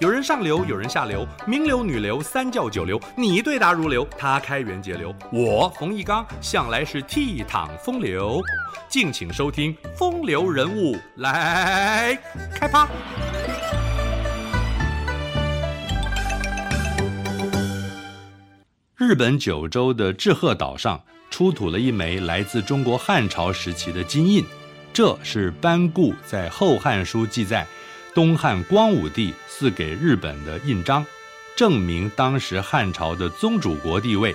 有人上流，有人下流，名流、女流、三教九流，你對答如流，他開源節流。我馮翊綱向來是倜儻風流，敬請收聽《風流人物》來開趴。日本九州的志賀島上出土了一枚來自中國漢朝時期的金印，這是班固在《後漢書》記載。東漢光武帝賜給日本的印章，證明當時漢朝的宗主國地位。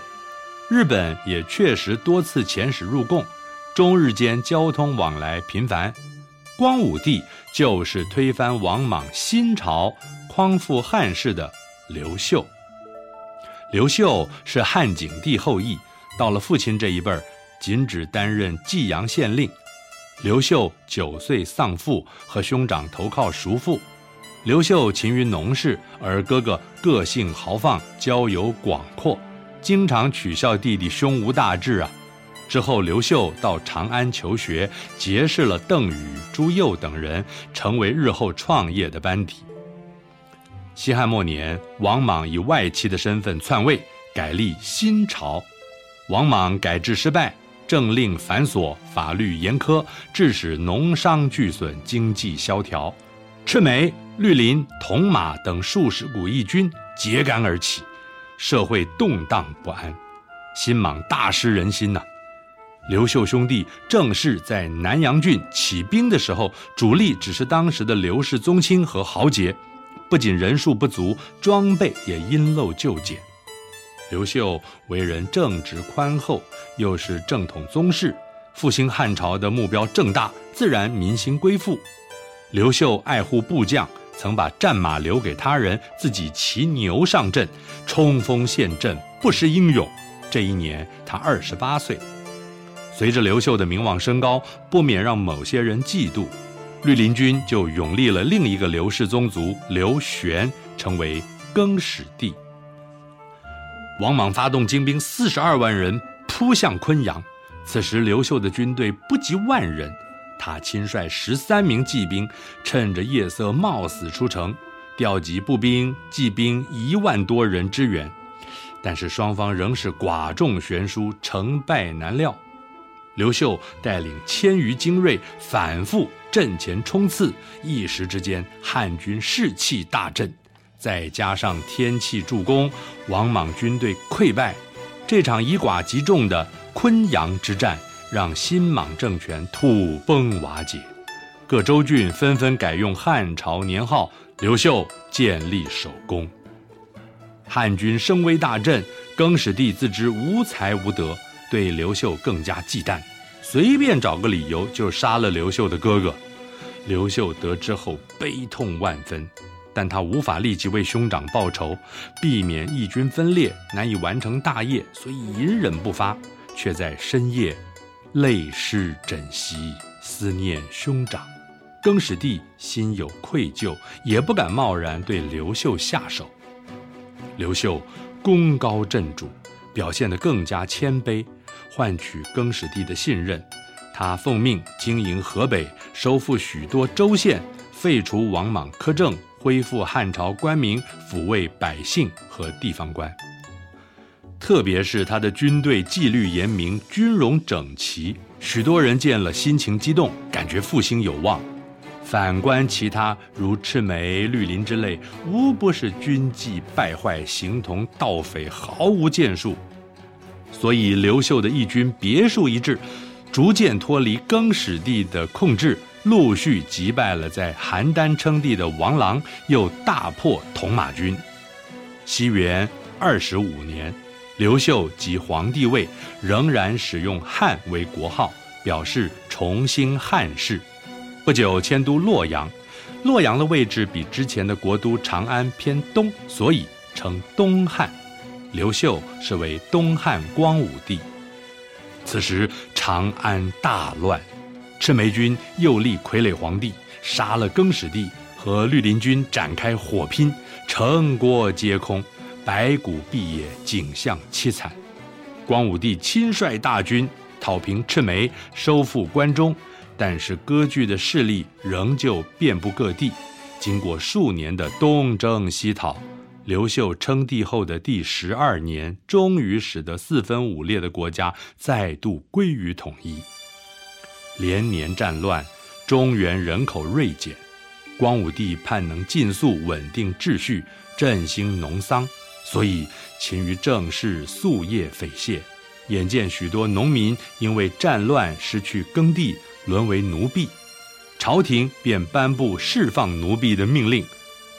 日本也確實多次遣使入貢，中日間交通往來頻繁。光武帝就是推翻王莽新朝、匡復漢室的劉秀。劉秀是漢景帝後裔，到了父親這一輩兒，僅只擔任濟陽縣令。劉秀九歲喪父，和兄長投靠叔父。劉秀勤於農事，而哥哥個性豪放，交友廣闊，經常取笑弟弟胸無大志啊。之後，劉秀到長安求學，結識了鄧禹、朱佑等人，成為日後創業的班底。西漢末年，王莽以外戚的身份篡位，改立新朝。王莽改制失敗。政令繁瑣，法律嚴苛，致使農商俱損，經濟蕭條。赤眉、綠林、銅馬等數十股義軍揭竿而起，社會動盪不安，新莽大失人心吶、啊。劉秀兄弟正式在南陽郡起兵的時候，主力只是當時的劉氏宗親和豪傑，不僅人數不足，裝備也因陋就簡。劉秀為人正直寬厚。又是正統宗室，復興漢朝的目標正大，自然民心歸附。劉秀愛護部將，曾把戰馬留給他人，自己騎牛上陣，衝鋒陷陣，不失英勇。這一年他二十八歲。隨着劉秀的名望升高，不免讓某些人嫉妒，綠林軍就擁立了另一個劉氏宗族劉玄，成為更始帝。王莽發動精兵四十二萬人。撲向昆陽，此時劉秀的軍隊不及萬人，他親率十三名騎兵，趁着夜色冒死出城，調集步兵、騎兵一萬多人支援。但是雙方仍是寡眾懸殊，成敗難料。劉秀帶領千餘精銳反覆陣前衝刺，一時之間漢軍士氣大振，再加上天氣助攻，王莽軍隊潰敗。這場以寡擊眾的昆陽之戰，讓新莽政權土崩瓦解，各州郡紛紛改用漢朝年號，劉秀建立首功。漢軍聲威大振，更始帝自知無才無德，對劉秀更加忌憚，隨便找個理由就殺了劉秀的哥哥。劉秀得知後悲痛萬分。但他無法立即為兄長報仇，避免義軍分裂，難以完成大業，所以隱忍不發，卻在深夜淚濕枕席，思念兄長。更始帝心有愧疚，也不敢貿然對劉秀下手。劉秀功高震主，表現得更加謙卑，換取更始帝的信任。他奉命經營河北，收復許多州縣，廢除王莽苛政。恢復漢朝官名，撫慰百姓和地方官，特別是他的軍隊紀律嚴明，軍容整齊，許多人見了心情激動，感覺復興有望。反觀其他如赤眉、綠林之類，無不是軍紀敗壞，形同盜匪，毫無建樹。所以劉秀的義軍別樹一幟，逐漸脫離更始帝的控制。陸續擊敗了在邯鄲稱帝的王郎，又大破銅馬軍。西元二十五年，劉秀即皇帝位，仍然使用“漢”為國號，表示重新漢室。不久遷都洛陽，洛陽的位置比之前的國都長安偏東，所以稱東漢。劉秀是為東漢光武帝。此時長安大亂。赤眉軍又立傀儡皇帝，殺了更始帝，和綠林軍展開火拼，城郭皆空，白骨蔽野，景象淒慘。光武帝親率大軍討平赤眉，收復關中，但是割據的勢力仍舊遍佈各地。經過數年的東征西討，劉秀稱帝後的第十二年，終於使得四分五裂的國家再度歸於統一。連年戰亂，中原人口銳減。光武帝盼能盡速穩定秩序，振興農桑，所以勤於政事，夙夜匪懈。眼見許多農民因為戰亂失去耕地，淪為奴婢，朝廷便頒布釋放奴婢的命令，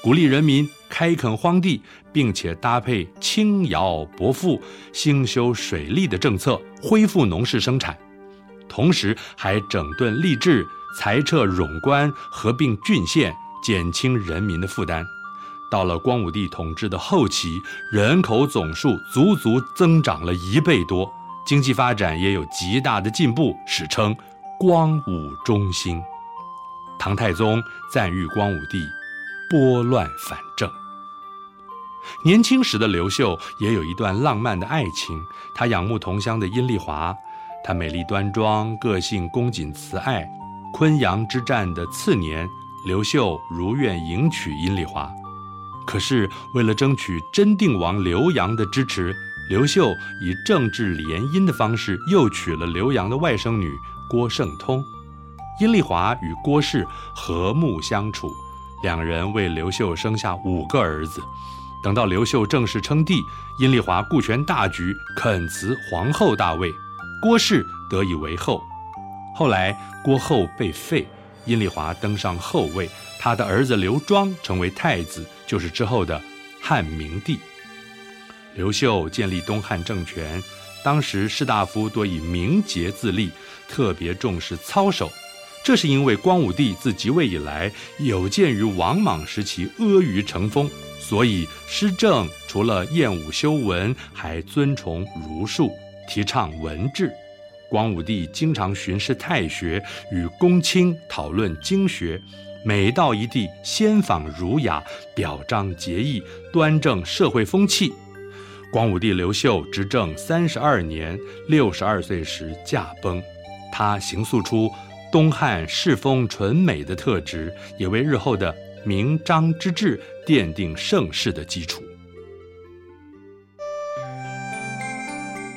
鼓勵人民開墾荒地，並且搭配輕徭薄賦、興修水利的政策，恢復農事生產。同時，還整頓吏治、裁撤冗官、合併郡縣，減輕人民的負擔。到了光武帝統治的後期，人口總數足足增長了一倍多，經濟發展也有極大的進步，史稱“光武中興”。唐太宗贊譽光武帝“撥亂反正”。年輕時的劉秀也有一段浪漫的愛情，他仰慕同鄉的陰麗華。她美麗端莊，個性恭謹慈愛。昆陽之戰的次年，劉秀如願迎娶陰麗華。可是，為了爭取真定王劉陽的支持，劉秀以政治聯姻的方式又娶了劉陽的外甥女郭聖通。陰麗華與郭氏和睦相處，兩人為劉秀生下五個兒子。等到劉秀正式稱帝，陰麗華顧全大局，懇辭皇後大位。郭氏得以為後，後來郭後被廢，陰麗華登上後位，她的兒子劉莊成為太子，就是之後的漢明帝。劉秀建立東漢政權，當時士大夫多以名節自立，特別重視操守。這是因為光武帝自即位以來，有鑒於王莽時期阿諛成風，所以施政除了偃武修文，還尊崇儒術。提倡文治，光武帝經常巡視太學，與公卿討論經學。每到一地，先訪儒雅，表彰節義，端正社會風氣。光武帝劉秀執政三十二年，六十二歲時駕崩。他形塑出東漢世風純美的特質，也為日後的明章之治奠定盛世的基礎。